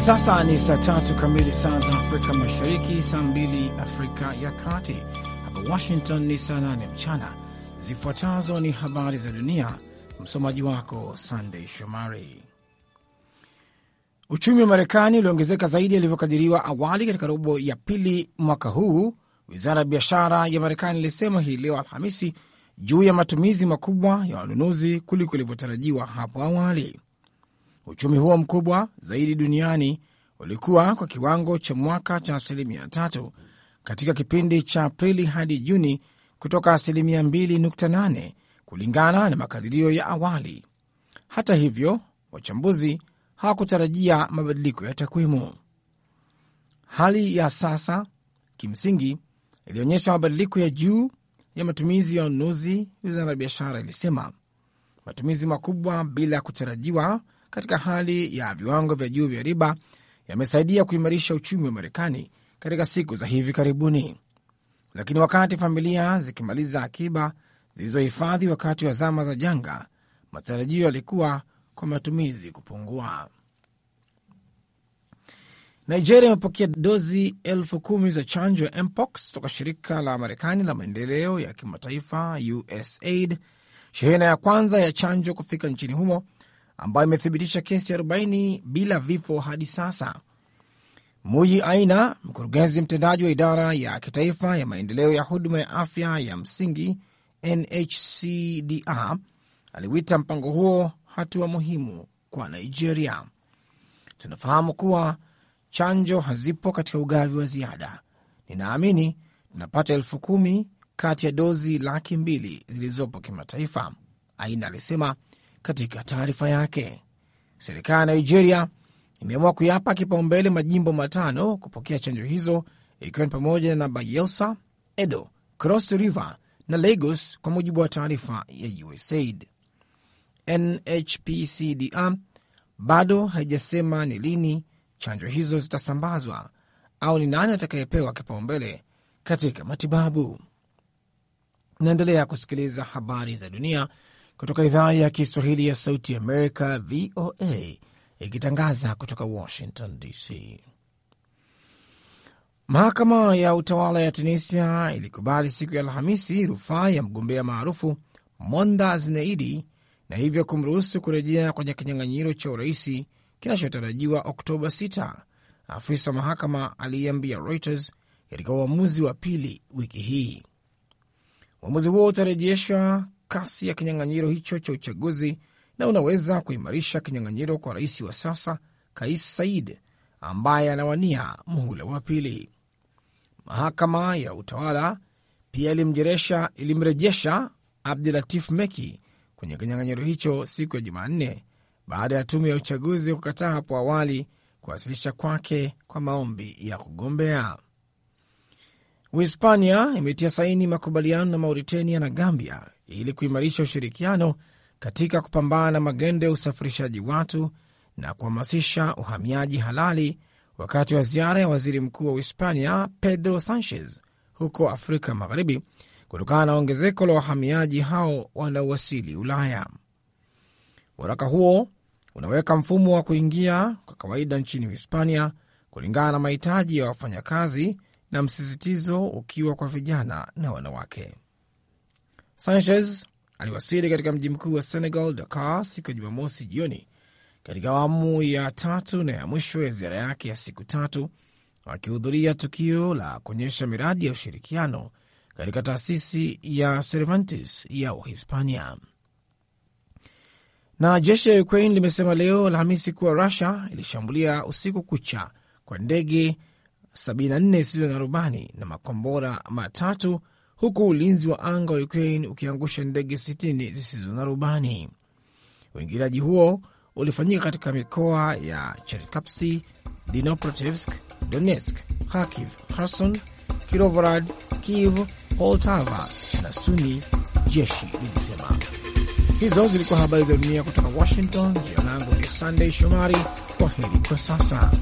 Hivi sasa ni saa tatu kamili saa za Afrika Mashariki, saa mbili Afrika ya Kati. Hapa Washington ni saa nane mchana. Zifuatazo ni habari za dunia, msomaji wako Sandey Shomari. Uchumi wa Marekani uliongezeka zaidi yalivyokadiriwa awali katika robo ya pili mwaka huu, wizara ya biashara ya Marekani ilisema hii leo Alhamisi juu ya matumizi makubwa ya wanunuzi kuliko ilivyotarajiwa hapo awali. Uchumi huo mkubwa zaidi duniani ulikuwa kwa kiwango cha mwaka cha asilimia tatu katika kipindi cha Aprili hadi Juni kutoka asilimia 2.8 kulingana na makadirio ya awali. Hata hivyo, wachambuzi hawakutarajia mabadiliko ya takwimu. Hali ya sasa kimsingi ilionyesha mabadiliko ya juu ya matumizi ya ununuzi. Wizara ya biashara ilisema matumizi makubwa bila kutarajiwa katika hali ya viwango vya juu vya riba yamesaidia kuimarisha uchumi wa Marekani katika siku za hivi karibuni. Lakini wakati familia zikimaliza akiba zilizohifadhi wakati wa zama za janga, matarajio yalikuwa kwa matumizi kupungua. Nigeria imepokea dozi elfu kumi za chanjo ya mpox kutoka shirika la Marekani la maendeleo ya kimataifa USAID, shehena ya kwanza ya chanjo kufika nchini humo ambayo imethibitisha kesi 40 bila vifo hadi sasa. Muyi Aina, mkurugenzi mtendaji wa idara ya kitaifa ya maendeleo ya huduma ya afya ya msingi NHCDR, aliwita mpango huo hatua muhimu kwa Nigeria. Tunafahamu kuwa chanjo hazipo katika ugavi wa ziada. Ninaamini tunapata elfu kumi kati ya dozi laki mbili zilizopo kimataifa, Aina alisema katika taarifa yake. Serikali ya Nigeria imeamua kuyapa kipaumbele majimbo matano kupokea chanjo hizo, ikiwa ni pamoja na Bayelsa, Edo, Cross River na Lagos, kwa mujibu wa taarifa ya USAID. NHPCDA bado haijasema ni lini chanjo hizo zitasambazwa au ni nani atakayepewa kipaumbele katika matibabu. Naendelea kusikiliza habari za dunia kutoka idhaa ya Kiswahili ya Sauti Amerika, VOA, ikitangaza kutoka Washington DC. Mahakama ya utawala ya Tunisia ilikubali siku ya Alhamisi rufaa ya mgombea maarufu Monda Zineidi na hivyo kumruhusu kurejea kwenye kinyang'anyiro cha uraisi kinachotarajiwa Oktoba 6, afisa wa mahakama aliyeambia Reuters katika uamuzi wa pili wiki hii. Uamuzi huo utarejeshwa kasi ya kinyang'anyiro hicho cha uchaguzi na unaweza kuimarisha kinyang'anyiro kwa rais wa sasa Kais Said ambaye anawania muhula wa pili. Mahakama ya utawala pia ilimrejesha Abdulatif Meki kwenye kinyang'anyiro hicho siku ya Jumanne baada ya tume ya uchaguzi kukataa hapo awali kuwasilisha kwake kwa maombi ya kugombea. Uhispania imetia saini makubaliano na Mauritania na Gambia ili kuimarisha ushirikiano katika kupambana na magendo ya usafirishaji watu na kuhamasisha uhamiaji halali wakati wa ziara ya waziri mkuu wa Uhispania Pedro Sanchez huko Afrika Magharibi kutokana na ongezeko la wahamiaji hao wanaowasili Ulaya. Waraka huo unaweka mfumo wa kuingia kwa kawaida nchini Uhispania kulingana na mahitaji ya wafanyakazi na msisitizo ukiwa kwa vijana na wanawake. Sanchez aliwasili katika mji mkuu wa Senegal, Dakar, siku ya Jumamosi jioni katika awamu ya tatu na ya mwisho ya ziara yake ya siku tatu, akihudhuria tukio la kuonyesha miradi ya ushirikiano katika taasisi ya Cervantes ya Uhispania. Na jeshi la Ukraine limesema leo Alhamisi kuwa Rusia ilishambulia usiku kucha kwa ndege 74 zisizo na rubani na makombora matatu huku ulinzi wa anga wa Ukraine ukiangusha ndege 60 zisizo na rubani. Uingiliaji huo ulifanyika katika mikoa ya Cherkasy, Dnipropetrovsk, Donetsk, Kharkiv, Kherson, Kirovorad, kiv Poltava na suni jeshi lilisema. Hizo zilikuwa habari za dunia kutoka Washington. Jina langu ni Sandey Shomari. Kwa heri kwa sasa.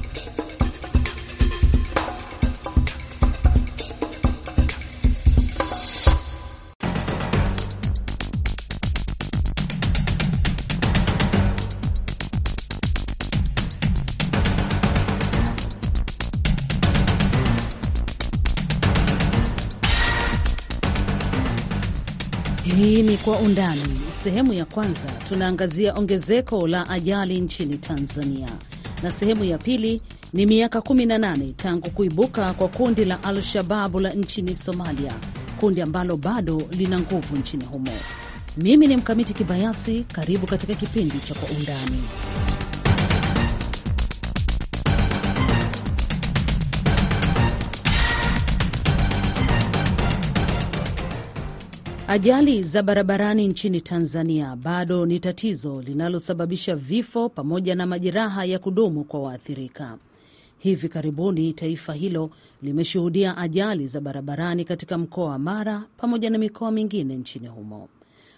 Kwa Undani. Sehemu ya kwanza tunaangazia ongezeko la ajali nchini Tanzania, na sehemu ya pili ni miaka 18 tangu kuibuka kwa kundi la Al-Shababu la nchini Somalia, kundi ambalo bado lina nguvu nchini humo. Mimi ni Mkamiti Kibayasi, karibu katika kipindi cha Kwa Undani. Ajali za barabarani nchini Tanzania bado ni tatizo linalosababisha vifo pamoja na majeraha ya kudumu kwa waathirika. Hivi karibuni taifa hilo limeshuhudia ajali za barabarani katika mkoa wa Mara pamoja na mikoa mingine nchini humo.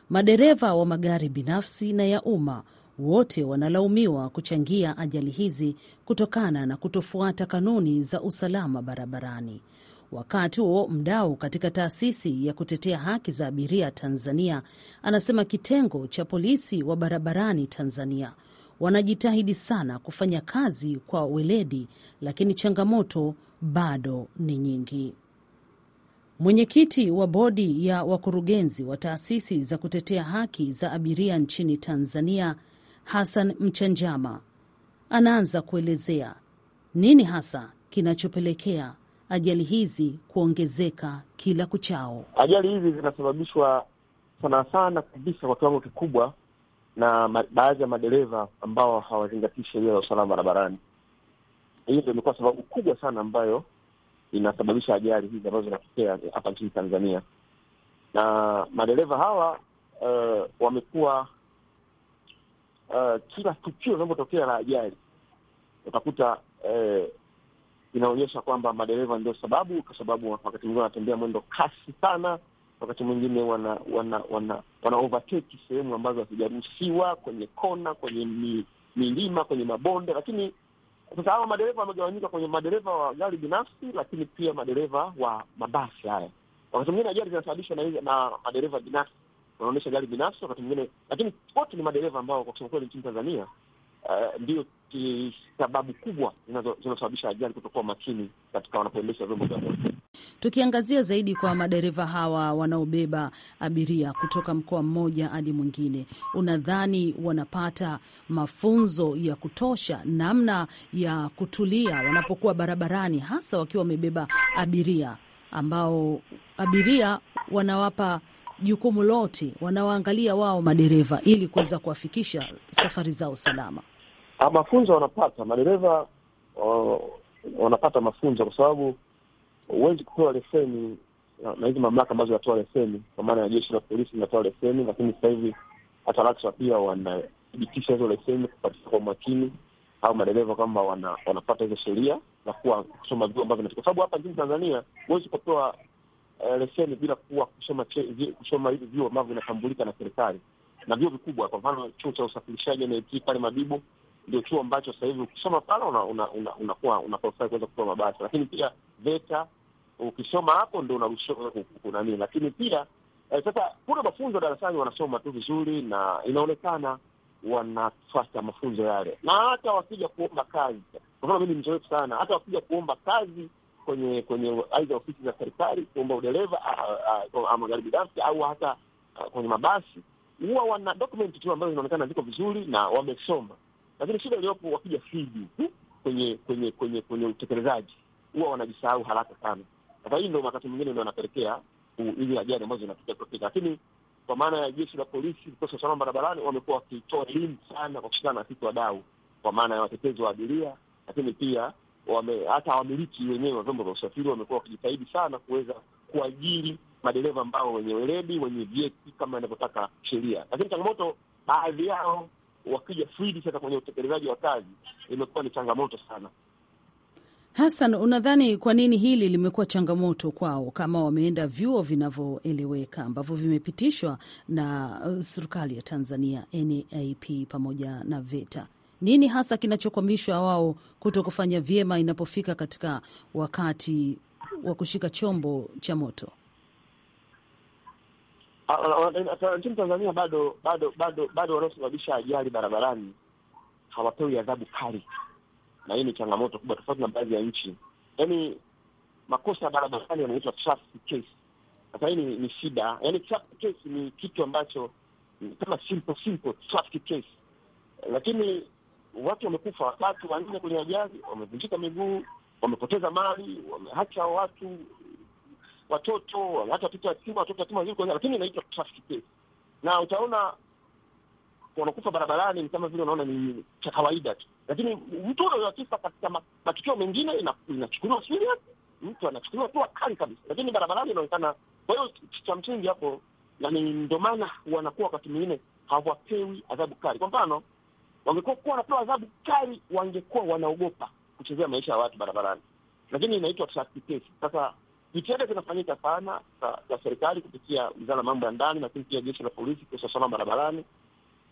Madereva wa magari binafsi na ya umma wote wanalaumiwa kuchangia ajali hizi kutokana na kutofuata kanuni za usalama barabarani. Wakati huo mdau katika taasisi ya kutetea haki za abiria Tanzania anasema kitengo cha polisi wa barabarani Tanzania wanajitahidi sana kufanya kazi kwa weledi, lakini changamoto bado ni nyingi. Mwenyekiti wa bodi ya wakurugenzi wa taasisi za kutetea haki za abiria nchini Tanzania, Hassan Mchanjama, anaanza kuelezea nini hasa kinachopelekea ajali hizi kuongezeka kila kuchao. Ajali hizi zinasababishwa sana sana kabisa kwa kiwango kikubwa na baadhi ya madereva ambao hawazingatii sheria za usalama barabarani. Hiyo ndio imekuwa sababu kubwa sana ambayo inasababisha ajali hizi ambazo zinatokea hapa nchini Tanzania, na madereva hawa uh, wamekuwa uh, kila tukio linapotokea la ajali utakuta uh, inaonyesha kwamba madereva ndio sababu, kwa sababu wakati mwingine wanatembea mwendo kasi sana, wakati mwingine wana wana wana, wana overtake sehemu ambazo hazijaruhusiwa, kwenye kona, kwenye mi, milima, kwenye mabonde. Lakini sasa hawa madereva wamegawanyika kwenye madereva wa gari binafsi, lakini pia madereva wa mabasi haya. Wakati mwingine ajali zinasababishwa na, na madereva binafsi wanaonyesha gari binafsi wakati mwingine, lakini wote ni madereva ambao kwa kusema kweli nchini Tanzania Eh, ndio uh, sababu kubwa zinazosababisha ajali kutokuwa makini katika wanapoendesha vyombo vya moto. Tukiangazia zaidi kwa madereva hawa wanaobeba abiria kutoka mkoa mmoja hadi mwingine, unadhani wanapata mafunzo ya kutosha namna ya kutulia wanapokuwa barabarani, hasa wakiwa wamebeba abiria ambao abiria wanawapa jukumu lote, wanawaangalia wao madereva ili kuweza kuwafikisha safari zao salama? Ah, mafunzo wanapata madereva uh, wanapata mafunzo kwa sababu huwezi kupewa leseni na hizi mamlaka ambazo zinatoa leseni, kwa maana ya jeshi la polisi linatoa leseni, lakini sasa hivi hata raksa pia wanathibitisha hizo leseni kupatia kwa umakini au madereva kwamba wana, wanapata hizo sheria na kuwa kusoma vyuo ambavyo kwa sababu hapa nchini Tanzania huwezi kupewa uh, leseni bila kuwa kusoma kusoma hivi vyuo ambavyo vinatambulika na serikali na vyuo vikubwa, kwa mfano chuo cha usafirishaji nt pale Mabibo ndio chuo ambacho sasa hivi ukisoma pale unakuwa una, una, una kuweza kutoa mabasi, lakini pia VETA ukisoma hapo ndo unaruhusiwa Lakini pia eh, sasa kuna mafunzo darasani wanasoma tu vizuri, na inaonekana wanafata mafunzo yale, na hata wakija kuomba kazi, kwa mfano ni mzoefu sana, hata wakija kuomba kazi kwenye kwenye aidha ofisi za serikali kuomba udereva magari binafsi au hata a, kwenye mabasi huwa wana tu ambazo zinaonekana ziko vizuri na wamesoma lakini shida iliyopo wakija fidu tu kwenye kwenye kwenye kwenye utekelezaji huwa wanajisahau haraka sana. Sasa hii ndo wakati mwingine ndo wanapelekea hizi ajali ambazo zinatokea kutokea, lakini kwa maana ya jeshi la polisi, vikosi usalama barabarani wamekuwa wakitoa elimu sana kwa kushikana na sisi wadau, kwa maana ya watetezi wa abiria, lakini pia wame, hata wamiliki wenyewe wa vyombo vya usafiri wamekuwa wakijitahidi sana kuweza kuajiri madereva ambao wenye weledi wenye vyeti kama inavyotaka sheria, lakini changamoto baadhi yao wakija fridi sasa kwenye utekelezaji wa kazi, imekuwa ni changamoto sana. Hassan, unadhani kwa nini hili limekuwa changamoto kwao, kama wameenda vyuo vinavyoeleweka ambavyo vimepitishwa na uh, serikali ya Tanzania, nap pamoja na VETA? Nini hasa kinachokwamishwa wao kuto kufanya vyema inapofika katika wakati wa kushika chombo cha moto? Ah, ah, ah, eh, nchini Tanzania bado bado bado bado wanaosababisha ajali barabarani hawapewi adhabu kali, na hii ni changamoto kubwa, tofauti na baadhi ya nchi. Yaani makosa ya barabarani yanaitwa traffic case. Sasa hii ni shida, yaani traffic case ni kitu ambacho kama simple simple traffic case, lakini watu wamekufa watatu wanne kwenye ajali, wamevunjika miguu, wamepoteza mali, wameacha watu watoto hata watoto wa yatima, watoto wa yatima wazuri kwanza, lakini inaitwa traffic police, na utaona wanakufa barabarani ni kama vile unaona ni cha kawaida tu, lakini mtu huyo kisa katika matukio mengine inachukuliwa serious, mtu anachukuliwa tu kali kabisa, lakini barabarani inaonekana. Kwa hiyo cha msingi hapo, na ni ndio maana wanakuwa wakati mwingine hawapewi adhabu kali. Kwa mfano, wangekuwa kuwa wanapewa adhabu kali, wangekuwa wanaogopa kuchezea maisha ya watu barabarani, lakini inaitwa traffic police. Sasa Jitihada zinafanyika sana za serikali kupitia wizara ya mambo ya ndani, lakini pia jeshi la polisi kwa usalama barabarani,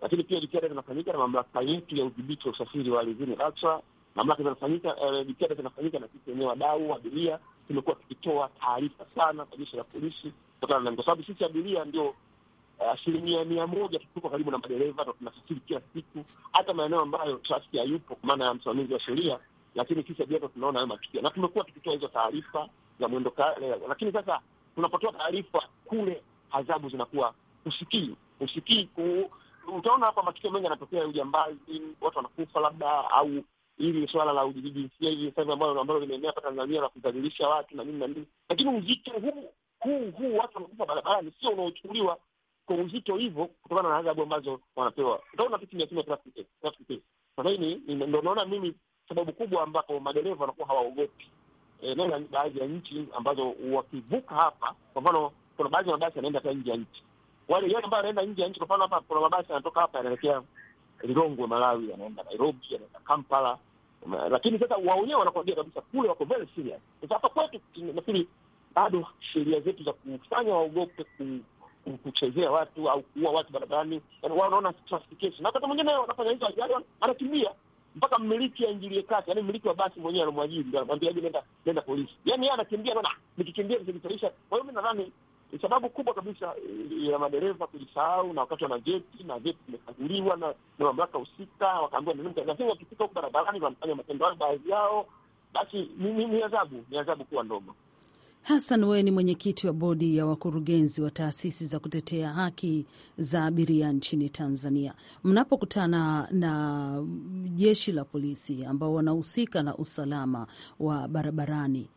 lakini pia jitihada zinafanyika na mamlaka yetu ya udhibiti wa usafiri wa alizini LATRA. Mamlaka zinafanyika, eh, jitihada zinafanyika na sisi wenyewe wadau wa abiria. Tumekuwa tukitoa taarifa sana kwa jeshi la polisi kutokana na, kwa sababu sisi abiria ndio eh, asilimia mia moja tuko karibu na madereva na tunasafiri kila siku, hata maeneo ambayo trafiki hayupo kwa maana ya msimamizi wa sheria, lakini sisi abiria tunaona hayo matukio na tumekuwa tukitoa hizo taarifa za mwendo kale, lakini sasa tunapotoa taarifa kule adhabu zinakuwa usikii, usikii ku utaona hapa matukio mengi yanatokea, ujambazi, watu wanakufa labda, au hili swala la jinsia hivi sasa ambalo ambalo limeenea hapa Tanzania la kudhalilisha watu na nini na nini, lakini uzito huu huu huu watu wanakufa barabarani sio unaochukuliwa kwa uzito hivyo, kutokana na adhabu ambazo wanapewa. Utaona tu mia kimya traffic case, traffic case. naona mimi sababu kubwa ambapo madereva wanakuwa hawaogopi eneo eh, la baadhi ya nchi ambazo wakivuka hapa, kwa mfano, kuna baadhi ya mabasi yanaenda hata nje ya nchi. Wale yote ambayo yanaenda nje ya nchi, kwa mfano, hapa kuna mabasi yanatoka hapa yanaelekea Lilongwe Malawi, yanaenda Nairobi, yanaenda Kampala, lakini sasa wao wenyewe wanakuambia kabisa kule wako very serious. Sasa hapa kwetu nafikiri bado sheria zetu za kufanya waogope kuchezea watu au kuua watu barabarani, yani wao wanaona na wakati mwingine wanafanya hizo ajali, anakimbia mpaka mmiliki aingilie kati, yaani mmiliki wa basi mwenyewe anamwajiri, ndio anamwambia aje, nenda nenda polisi. Yaani yeye anakimbia naona nikikimbia nikijitarisha. Kwa hiyo mimi nadhani sababu kubwa kabisa eh, ya madereva kulisahau na wakati wana jeti na jeti vimefunguliwa na mamlaka husika, wakaambiwa lakini wakifika huko barabarani wanafanya matendo hayo baadhi yao, basi ni adhabu, ni adhabu kuwa ndogo. Hassan, wewe ni mwenyekiti wa bodi ya wakurugenzi wa taasisi za kutetea haki za abiria nchini Tanzania. Mnapokutana na jeshi la polisi ambao wanahusika na usalama wa barabarani,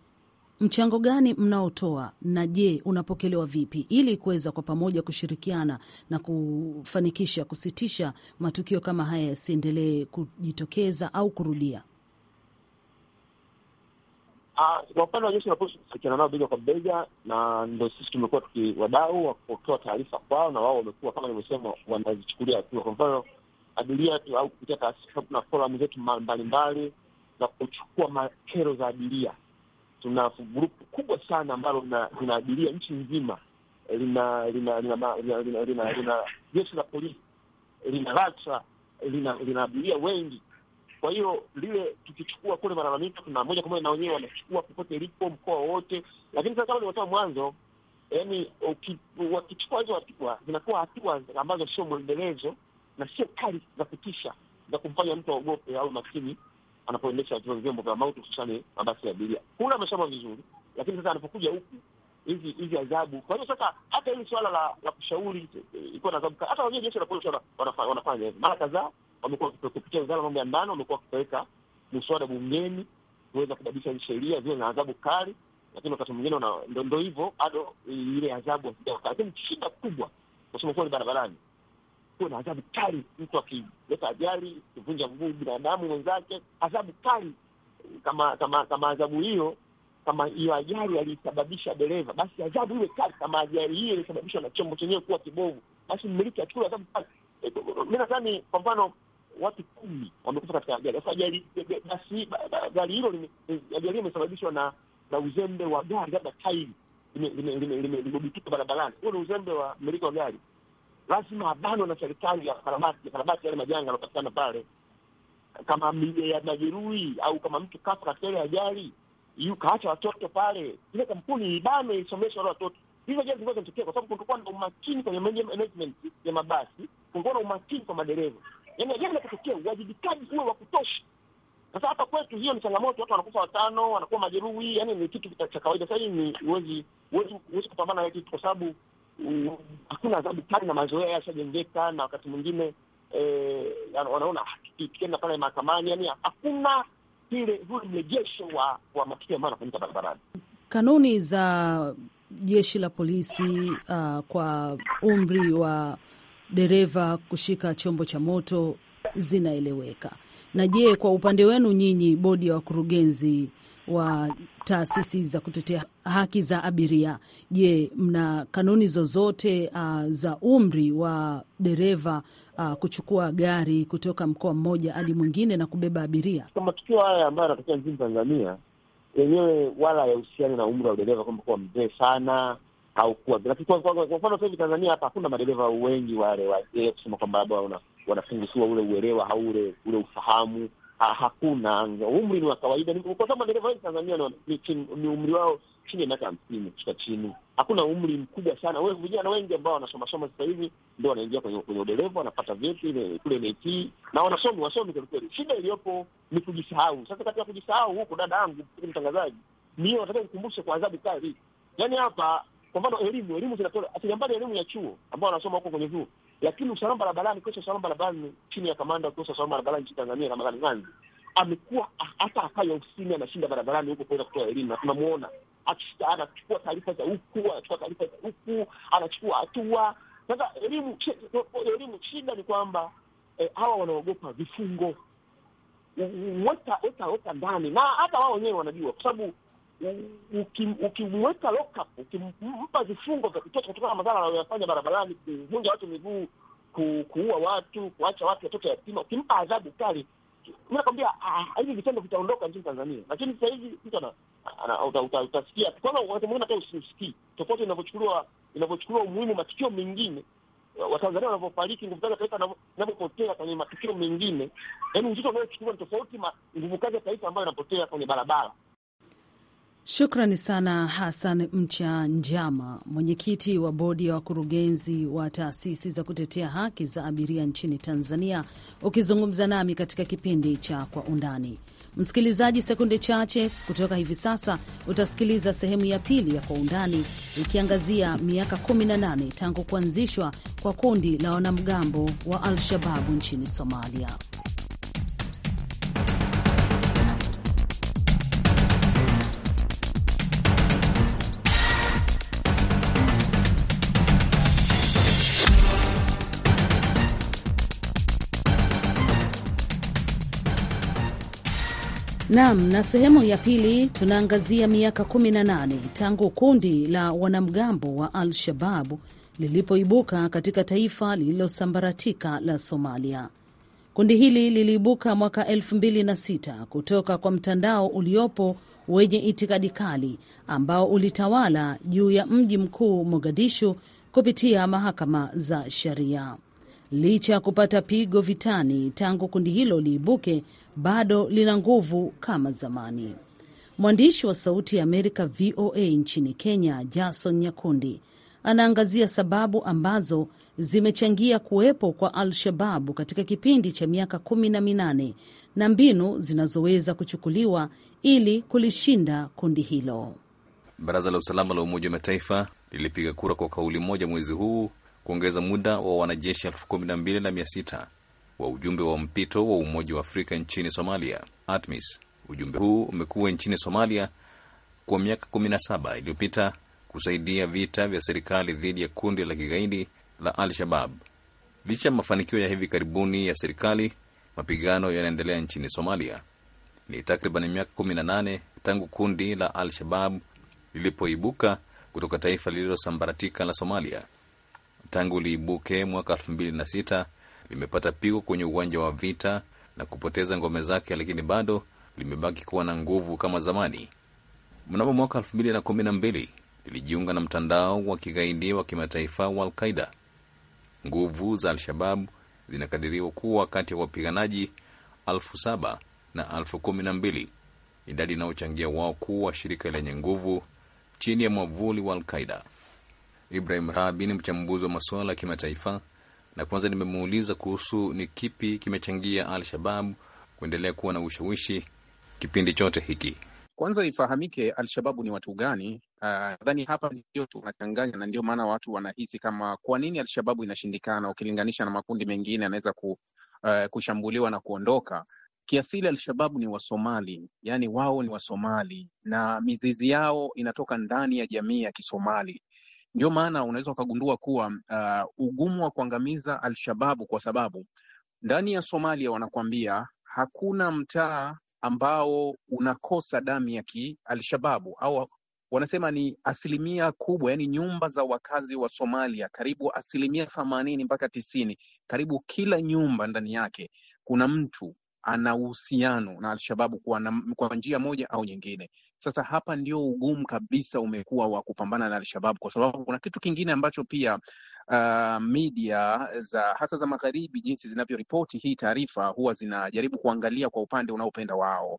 mchango gani mnaotoa na je, unapokelewa vipi ili kuweza kwa pamoja kushirikiana na kufanikisha kusitisha matukio kama haya yasiendelee kujitokeza au kurudia? Ah, kwa upande wa jeshi la polisi kushirikiana nao bega kwa bega, na ndo sisi tumekuwa tukiwadau wa kutoa taarifa kwao, na wao wamekuwa kama livyosema wanazichukulia hatua. Kwa mfano abiria tu au kupitia taasisi, kuna forum zetu mbalimbali za kuchukua makero za abiria. Tuna grupu kubwa sana ambalo lina abiria nchi nzima, lina lina jeshi la polisi, lina LATRA, lina abiria wengi kwa hiyo lile tukichukua kule malalamiko, tuna moja kwa moja na wenyewe wanachukua popote ilipo mkoa wowote, lakini sasa kama nimetoa mwanzo, yani wakichukua hizo hatua zinakuwa hatua ambazo sio mwendelezo na sio kali za kutisha za kumfanya mtu aogope au makini anapoendesha vyombo vya mauti, hususani mabasi ya abiria. Kule ameshama vizuri, lakini sasa anapokuja huku hizi hizi adhabu. Kwa hiyo sasa hata hili swala la la kushauri eh, eh, ikuwa na adhabu, hata wenyewe jeshi la polisi wanafanya hivi mara kadhaa wamekuwa kupitia wizara ya mambo ya ndani wamekuwa wakipeleka mswada bungeni kuweza kubadilisha sheria ziwe na adhabu kali, lakini wakati mwingine ndo hivyo bado eh, ile adhabu hazijawaka. Lakini shida kubwa kusema ni barabarani kuwe na adhabu kali, mtu akileta ajali, kuvunja mguu binadamu mwenzake, adhabu kali kama kama kama adhabu hiyo kama hiyo ajali alisababisha dereva, basi adhabu iwe kali. Kama ajali hiyo ilisababishwa na chombo chenyewe kuwa kibovu, basi mmiliki achukue adhabu kali. Eh, Mi nadhani kwa mfano watu kumi wamekufa katika ajali. Sasa ajali gari hilo ajali imesababishwa na na uzembe wa gari, labda tairi limebutuka barabarani. Huo ni uzembe wa mmiliki wa gari, lazima abano na serikali ya karabati karabati yale majanga yanapatikana pale. Kama mia ya majeruhi au kama mtu kafa katika ile ajali yu kaacha watoto pale, ile kampuni ibanwe, isomeshe wale watoto Hizi ajali zilikuwa zinatokea kwa sababu kutokuwa na umakini kwenye management ya mabasi, kulikuwa na umakini kwa madereva yani ajira yaani yaani inapotokea uwajibikaji uwe wa kutosha. Sasa hapa kwetu hiyo ni changamoto, watu wanakufa watano, wanakuwa majeruhi, yani ni kitu cha kawaida. Sasa hii ni huwezi huwezi kupambana na kitu kwa sababu mm, hakuna adhabu kali na mazoea yashajengeka, na wakati mwingine eh, wanaona tukienda pale mahakamani, yani hakuna ile huu mrejesho wa wa matukio ambayo yanafanyika barabarani. Kanuni za jeshi la polisi uh, kwa umri wa dereva kushika chombo cha moto zinaeleweka. Na je, kwa upande wenu nyinyi, bodi ya wakurugenzi wa taasisi za kutetea haki za abiria, je, mna kanuni zozote uh, za umri wa dereva uh, kuchukua gari kutoka mkoa mmoja hadi mwingine na kubeba abiria? Kwa matukio haya ambayo yanatokea nchini Tanzania yenyewe wala yahusiani na umri wa udereva kwamba kuwa mzee sana haukuwa. Kwa mfano sasa Tanzania hapa hakuna madereva wengi wale wazee kusema kwamba labda wana, wanafungusiwa ule uelewa au ule ule ufahamu ha, hakuna. Umri ni wa kawaida, kwa sababu madereva wengi Tanzania ni, ni umri wao chini ya miaka hamsini kushika chini. Hakuna umri mkubwa sana. Wewe vijana wengi ambao wanasomasoma sasa hivi ndio wanaingia kwenye kwenye udereva, wanapata vyeti kule NET na wanasomi wasomi kwelikweli. Shida iliyopo ni kujisahau. Sasa katika kujisahau huko dada yangu mtangazaji, niyo nataka nikumbushe kwa adhabu kali, yaani hapa kwa mfano elimu, elimu zinatolewa achilia mbali elimu ya chuo ambao wanasoma huko kwenye vyuo, lakini usalama barabarani, kwa cha usalama barabarani chini ya kamanda kwa kikosi usalama barabarani nchini Tanzania na Ramadhani Nganzi amekuwa hata akaja ofisini anashinda barabarani huko kuweza kutoa elimu, na tunamuona anachukua taarifa za huku, anachukua taarifa za huku, anachukua hatua. Sasa elimu, elimu, shida ni kwamba eh, hawa wanaogopa vifungo, weka weka weka ndani, na hata wao wenyewe wanajua, kwa sababu ukimweka lock ukimpa vifungo vya kutosha kutokana na madhara anayoyafanya barabarani, kuvunja watu miguu, kuua watu, kuacha watu watoto yatima, ukimpa adhabu kali, mi nakwambia hivi vitendo vitaondoka nchini Tanzania. Lakini sasa hivi mtu utasikia kwanza, wakati mwingine hata usimsikii, tofauti inavyochukuliwa inavyochukuliwa umuhimu matukio mengine Watanzania wanavyofariki, nguvu kazi ya taifa inavyopotea kwenye matukio mengine, yaani uzito unaochukuliwa ni tofauti, nguvu kazi ya taifa ambayo inapotea kwenye barabara. Shukrani sana Hassan Mcha Njama, mwenyekiti wa bodi ya wakurugenzi wa taasisi za kutetea haki za abiria nchini Tanzania, ukizungumza nami katika kipindi cha Kwa Undani. Msikilizaji, sekunde chache kutoka hivi sasa utasikiliza sehemu ya pili ya Kwa Undani ikiangazia miaka 18 tangu kuanzishwa kwa kundi la wanamgambo wa Al-Shababu nchini Somalia. Nam na sehemu ya pili tunaangazia miaka 18 tangu kundi la wanamgambo wa Al-Shababu lilipoibuka katika taifa lililosambaratika la Somalia. Kundi hili liliibuka mwaka 2006 kutoka kwa mtandao uliopo wenye itikadi kali ambao ulitawala juu ya mji mkuu Mogadishu kupitia mahakama za sharia. Licha ya kupata pigo vitani tangu kundi hilo liibuke, bado lina nguvu kama zamani. Mwandishi wa Sauti ya Amerika VOA nchini Kenya, Jason Nyakundi, anaangazia sababu ambazo zimechangia kuwepo kwa Al-Shababu katika kipindi cha miaka kumi na minane na mbinu zinazoweza kuchukuliwa ili kulishinda kundi hilo. Baraza la Usalama la Umoja wa Mataifa lilipiga kura kwa kauli moja mwezi huu kuongeza muda wa wanajeshi elfu kumi na mbili na mia sita wa ujumbe wa mpito wa Umoja wa Afrika nchini Somalia, ATMIS. Ujumbe huu umekuwa nchini Somalia kwa miaka 17 iliyopita kusaidia vita vya serikali dhidi ya kundi la kigaidi la Al-Shabab. Licha ya mafanikio ya hivi karibuni ya serikali, mapigano yanaendelea nchini Somalia. Ni takriban miaka 18 tangu kundi la Al-Shabab lilipoibuka kutoka taifa lililosambaratika la Somalia. Tangu liibuke mwaka 2006 limepata pigo kwenye uwanja wa vita na kupoteza ngome zake, lakini bado limebaki kuwa na nguvu kama zamani. Mnamo mwaka 2012 lilijiunga na mtandao wa kigaidi wa kimataifa wa Alqaida. Nguvu za Al-Shabab zinakadiriwa kuwa kati ya wapiganaji elfu saba na elfu kumi na mbili, idadi inayochangia wao kuwa shirika lenye nguvu chini ya mwavuli wa Alqaida. Ibrahim Rabi ni mchambuzi wa masuala ya kimataifa na kwanza nimemuuliza kuhusu ni kipi kimechangia al Shabab kuendelea kuwa na ushawishi kipindi chote hiki. Kwanza ifahamike Alshababu ni watu gani? Ah, nadhani uh, hapa ndio tunachanganya, na ndio maana watu wanahisi kama kwa nini Alshababu inashindikana ukilinganisha na makundi mengine yanaweza ku, uh, kushambuliwa na kuondoka. Kiasili Alshababu ni Wasomali, yaani wao ni Wasomali na mizizi yao inatoka ndani ya jamii ya Kisomali. Ndio maana unaweza ukagundua kuwa uh, ugumu wa kuangamiza Alshababu kwa sababu ndani ya Somalia wanakuambia hakuna mtaa ambao unakosa damu ya kialshababu au wanasema ni asilimia kubwa, yani nyumba za wakazi wa Somalia karibu asilimia themanini mpaka tisini, karibu kila nyumba ndani yake kuna mtu ana uhusiano na Alshababu kwa, kwa njia moja au nyingine. Sasa hapa ndio ugumu kabisa umekuwa wa kupambana na Alshababu, kwa sababu kuna kitu kingine ambacho pia uh, media za hasa za magharibi, jinsi zinavyoripoti hii taarifa, huwa zinajaribu kuangalia kwa upande unaopenda wao.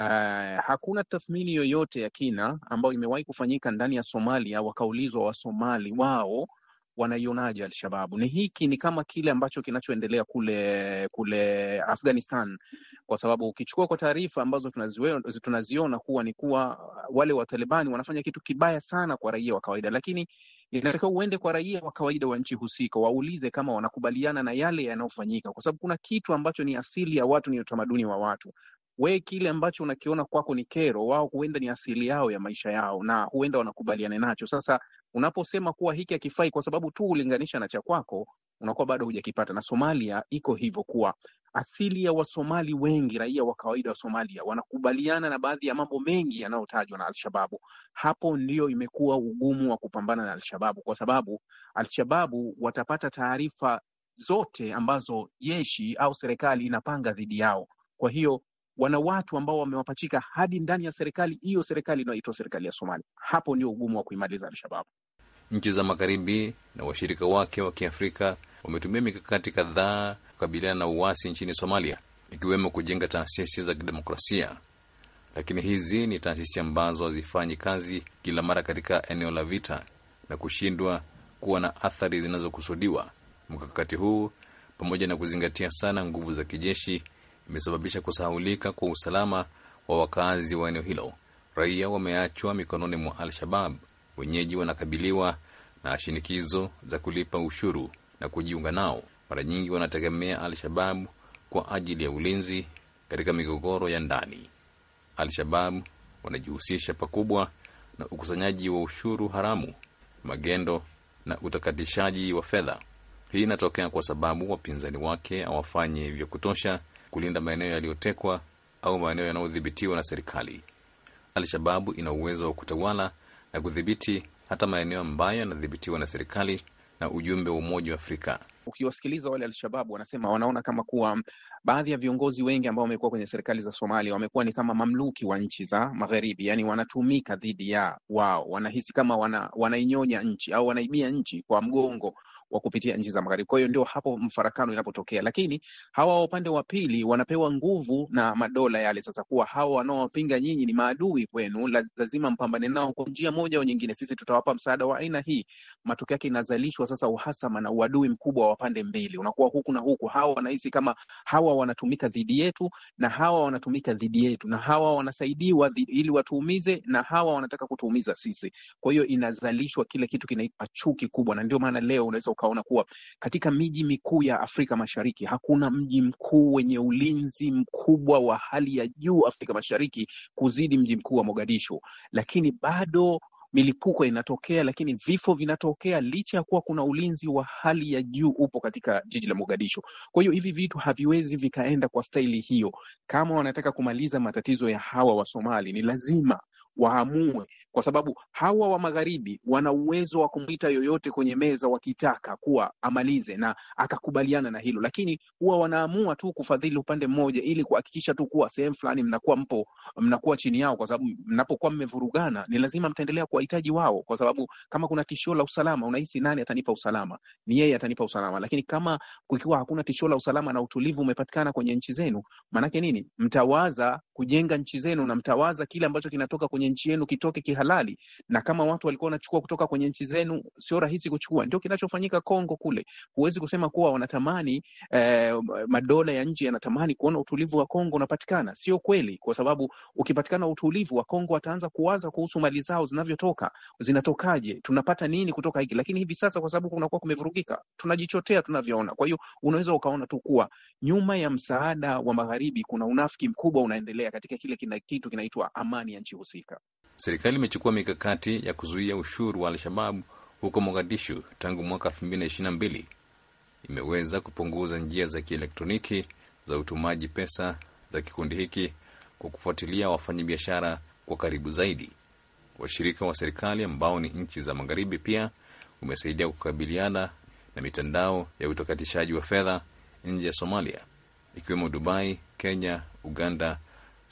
Uh, hakuna tathmini yoyote ya kina ambayo imewahi kufanyika ndani ya Somalia, wakaulizwa Wasomali wao wanaionaje Alshababu? Ni hiki ni kama kile ambacho kinachoendelea kule kule Afghanistan, kwa sababu ukichukua kwa taarifa ambazo tunaziona kuwa ni kuwa wale Watalibani wanafanya kitu kibaya sana kwa raia wa kawaida, lakini inatakiwa uende kwa raia wa kawaida wa nchi husika, waulize kama wanakubaliana na yale yanayofanyika, kwa sababu kuna kitu ambacho ni asili ya watu, ni utamaduni wa watu wee kile ambacho unakiona kwako ni kero, wao huenda ni asili yao ya maisha yao, na huenda wanakubaliana nacho. Sasa unaposema kuwa hiki hakifai kwa sababu tu ulinganisha na cha kwako, unakuwa bado hujakipata. Na Somalia iko hivyo kuwa asili ya Wasomali wengi, raia wa kawaida wa Somalia wanakubaliana na baadhi ya mambo mengi yanayotajwa na Alshababu. Hapo ndiyo imekuwa ugumu wa kupambana na Alshababu, kwa sababu Alshababu watapata taarifa zote ambazo jeshi au serikali inapanga dhidi yao. Kwa hiyo wana watu ambao wamewapachika hadi ndani ya serikali hiyo, serikali inayoitwa serikali ya Somalia. Hapo ndio ugumu wa kuimaliza al Nchi za magharibi na washirika wake wa kiafrika wametumia mikakati kadhaa kukabiliana na uasi nchini Somalia, ikiwemo kujenga taasisi za kidemokrasia, lakini hizi ni taasisi ambazo hazifanyi kazi kila mara katika eneo la vita na kushindwa kuwa na athari zinazokusudiwa. Mkakati huu pamoja na kuzingatia sana nguvu za kijeshi imesababisha kusahaulika kwa usalama wa wakazi wa eneo hilo. Raia wameachwa mikononi mwa Al-Shabab, wenyeji wanakabiliwa na shinikizo za kulipa ushuru na kujiunga nao. Mara nyingi wanategemea Al-Shabab kwa ajili ya ulinzi katika migogoro ya ndani. Al-Shabab wanajihusisha pakubwa na ukusanyaji wa ushuru haramu, magendo na utakatishaji wa fedha. Hii inatokea kwa sababu wapinzani wake hawafanyi vya kutosha kulinda maeneo yaliyotekwa au maeneo yanayodhibitiwa na serikali. Al-Shababu ina uwezo wa kutawala na kudhibiti hata maeneo ambayo yanadhibitiwa na serikali na ujumbe wa Umoja wa Afrika Ukiwasikiliza wale Alshababu wanasema wanaona kama kuwa baadhi ya viongozi wengi ambao wamekuwa kwenye serikali za Somalia wamekuwa ni kama mamluki wa nchi za Magharibi, yaani wanatumika dhidi ya wao, wanahisi kama wana, wanainyonya nchi au wanaibia nchi kwa mgongo wa kupitia nchi za magharibi. Kwa hiyo ndio hapo mfarakano inapotokea, lakini hawa wa upande wa pili wanapewa nguvu na madola yale, sasa kuwa hawa wanaowapinga nyinyi ni maadui kwenu, lazima mpambane nao kwa njia moja au nyingine, sisi tutawapa msaada wa aina hii. Matokeo yake inazalishwa sasa uhasama na uadui mkubwa wa pande mbili, unakuwa huku na huku. Hawa wanahisi kama hawa wanatumika dhidi yetu na hawa wanatumika dhidi yetu na hawa wanasaidiwa ili watuumize na hawa wanataka kutuumiza sisi. Kwa hiyo inazalishwa kile kitu kinaitwa chuki kubwa, na ndio maana leo unaweza wakaona kuwa katika miji mikuu ya Afrika Mashariki hakuna mji mkuu wenye ulinzi mkubwa wa hali ya juu Afrika Mashariki kuzidi mji mkuu wa Mogadishu, lakini bado milipuko inatokea, lakini vifo vinatokea licha ya kuwa kuna ulinzi wa hali ya juu upo katika jiji la mogadisho Kwa hiyo hivi vitu haviwezi vikaenda kwa staili hiyo. Kama wanataka kumaliza matatizo ya hawa wa Somali ni lazima waamue, kwa sababu hawa wa magharibi wana uwezo wa kumwita yoyote kwenye meza wakitaka kuwa amalize na akakubaliana na hilo, lakini huwa wanaamua tu kufadhili upande mmoja ili kuhakikisha tu kuwa sehemu fulani mnakuwa mpo, mnakuwa chini yao, kwa sababu mnapokuwa mmevurugana ni lazima mtaendelea kwa wahitaji wao, kwa sababu kama kuna tishio la usalama, unahisi nani atanipa usalama? Ni yeye atanipa usalama. Lakini kama kukiwa hakuna tishio la usalama na utulivu umepatikana kwenye nchi zenu, maanake nini? Mtawaza kujenga nchi zenu na mtawaza kile ambacho kinatoka kwenye nchi yenu kitoke kihalali, na kama watu walikuwa wanachukua kutoka kwenye nchi zenu, sio rahisi kuchukua. Ndio kinachofanyika Kongo kule. Huwezi kusema kuwa wanatamani eh, madola ya nje yanatamani kuona utulivu wa Kongo unapatikana. Sio kweli, kwa sababu ukipatikana utulivu wa Kongo wataanza kuwaza kuhusu mali zao zinavyotoka zinatoka, zinatokaje, tunapata nini kutoka hiki. Lakini hivi sasa kwa sababu kunakuwa kumevurugika, tunajichotea tunavyoona. Kwa hiyo unaweza ukaona tu kuwa nyuma ya msaada wa magharibi kuna unafiki mkubwa unaendelea katika kile kina kitu kinaitwa amani ya nchi husika. Serikali imechukua mikakati ya kuzuia ushuru wa Al-Shababu huko Mogadishu tangu mwaka na mbili imeweza kupunguza njia za kielektroniki za utumaji pesa za kikundi hiki kwa kufuatilia wafanyabiashara kwa karibu zaidi washirika wa serikali ambao ni nchi za magharibi pia umesaidia kukabiliana na mitandao ya utakatishaji wa fedha nje ya Somalia, ikiwemo Dubai, Kenya, Uganda,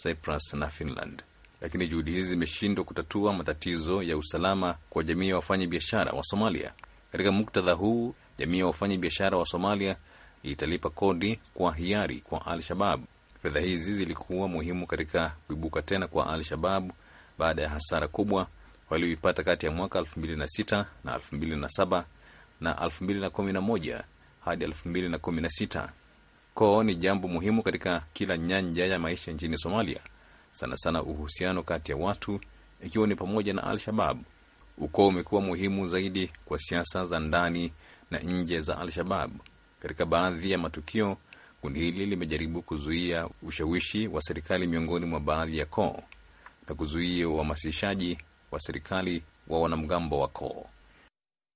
Cyprus na Finland. Lakini juhudi hizi zimeshindwa kutatua matatizo ya usalama kwa jamii ya wafanya biashara wa Somalia. Katika muktadha huu, jamii ya wafanya biashara wa Somalia italipa kodi kwa hiari kwa Al-Shabab. Fedha hizi zilikuwa muhimu katika kuibuka tena kwa Al-Shabab baada ya hasara kubwa walioipata kati ya mwaka 2006 na 2007 na 2011 hadi 2016. Koo ni jambo muhimu katika kila nyanja ya maisha nchini Somalia, sana sana uhusiano kati ya watu, ikiwa ni pamoja na Al-Shabab. Ukoo umekuwa muhimu zaidi kwa siasa za ndani na nje za Al-Shabab. Katika baadhi ya matukio, kundi hili limejaribu kuzuia ushawishi wa serikali miongoni mwa baadhi ya koo ya kuzuia uhamasishaji wa serikali wa wanamgambo wa koo.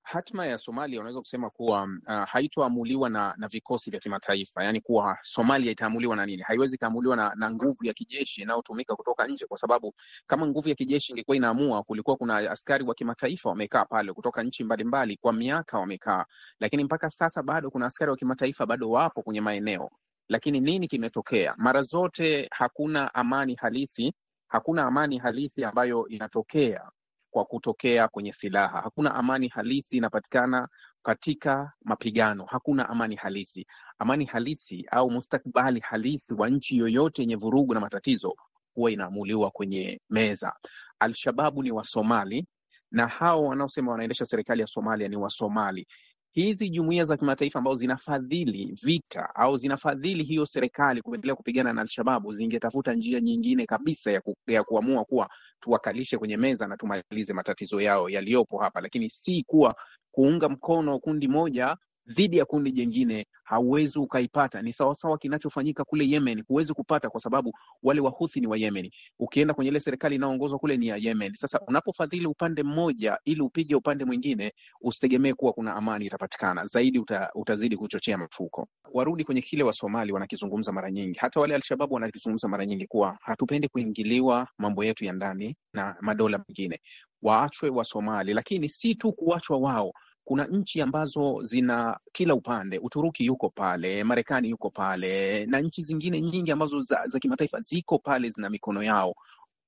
Hatima ya Somalia unaweza kusema kuwa uh, haitoamuliwa na, na vikosi vya kimataifa, yaani kuwa Somalia itaamuliwa na nini? Haiwezi ikaamuliwa na, na nguvu ya kijeshi inayotumika kutoka nje, kwa sababu kama nguvu ya kijeshi ingekuwa inaamua, kulikuwa kuna askari wa kimataifa wamekaa pale kutoka nchi mbalimbali, kwa miaka wamekaa, lakini mpaka sasa bado kuna askari wa kimataifa bado wapo kwenye maeneo. Lakini nini kimetokea? Mara zote hakuna amani halisi Hakuna amani halisi ambayo inatokea kwa kutokea kwenye silaha. Hakuna amani halisi inapatikana katika mapigano. Hakuna amani halisi. Amani halisi au mustakbali halisi wa nchi yoyote yenye vurugu na matatizo huwa inaamuliwa kwenye meza. Alshababu ni Wasomali na hao wanaosema wanaendesha serikali ya Somalia ni Wasomali hizi jumuiya za kimataifa ambazo zinafadhili vita au zinafadhili hiyo serikali kuendelea kupigana na Alshababu zingetafuta njia nyingine kabisa ya, ku, ya kuamua kuwa tuwakalishe kwenye meza na tumalize matatizo yao yaliyopo hapa, lakini si kuwa kuunga mkono kundi moja dhidi ya kundi jingine hauwezi ukaipata. Ni sawasawa kinachofanyika kule Yemen, huwezi kupata kwa sababu wale wahuthi ni wa Yemen. Ukienda kwenye ile serikali inayoongozwa kule ni ya Yemen. Sasa unapofadhili upande mmoja ili upige upande mwingine, usitegemee kuwa kuna amani itapatikana zaidi, uta, utazidi kuchochea mafuko. Warudi kwenye kile Wasomali wanakizungumza mara nyingi, hata wale Alshababu wanakizungumza mara nyingi kuwa hatupendi kuingiliwa mambo yetu ya ndani na madola mengine. Waachwe Wasomali, lakini si tu kuachwa wao kuna nchi ambazo zina kila upande. Uturuki yuko pale, Marekani yuko pale, na nchi zingine nyingi ambazo za, za kimataifa ziko pale, zina mikono yao.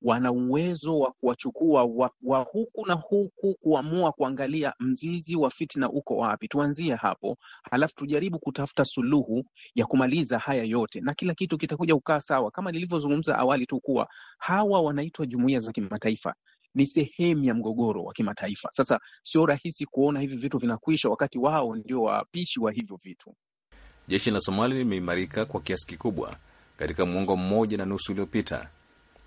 Wana uwezo wa kuwachukua wa, wa huku na huku, kuamua kuangalia mzizi wa fitna uko wapi, tuanzie hapo, halafu tujaribu kutafuta suluhu ya kumaliza haya yote, na kila kitu kitakuja kukaa sawa, kama nilivyozungumza awali tu kuwa hawa wanaitwa jumuiya za kimataifa ni sehemu ya mgogoro wa kimataifa. Sasa sio rahisi kuona hivi vitu vinakwisha wakati wao ndio wapishi wa hivyo vitu. Jeshi la Somalia limeimarika kwa kiasi kikubwa katika mwongo mmoja na nusu uliopita.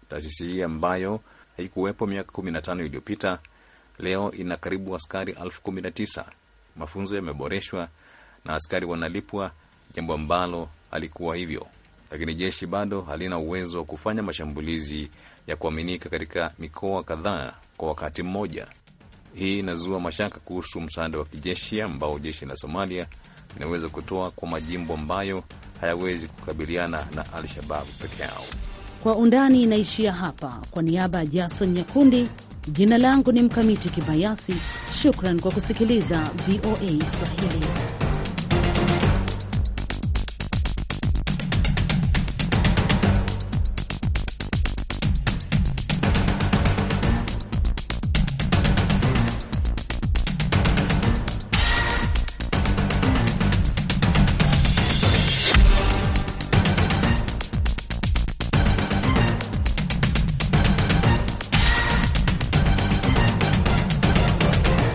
Taasisi hii ambayo haikuwepo miaka 15 iliyopita leo ina karibu askari elfu kumi na tisa. Mafunzo yameboreshwa na askari wanalipwa, jambo ambalo alikuwa hivyo lakini jeshi bado halina uwezo wa kufanya mashambulizi ya kuaminika katika mikoa kadhaa kwa wakati mmoja. Hii inazua mashaka kuhusu msaada wa kijeshi ambao jeshi la Somalia linaweza kutoa kwa majimbo ambayo hayawezi kukabiliana na Al-Shababu peke yao. Kwa undani inaishia hapa. Kwa niaba ya Jason Nyakundi, jina langu ni Mkamiti Kibayasi. Shukran kwa kusikiliza VOA Swahili.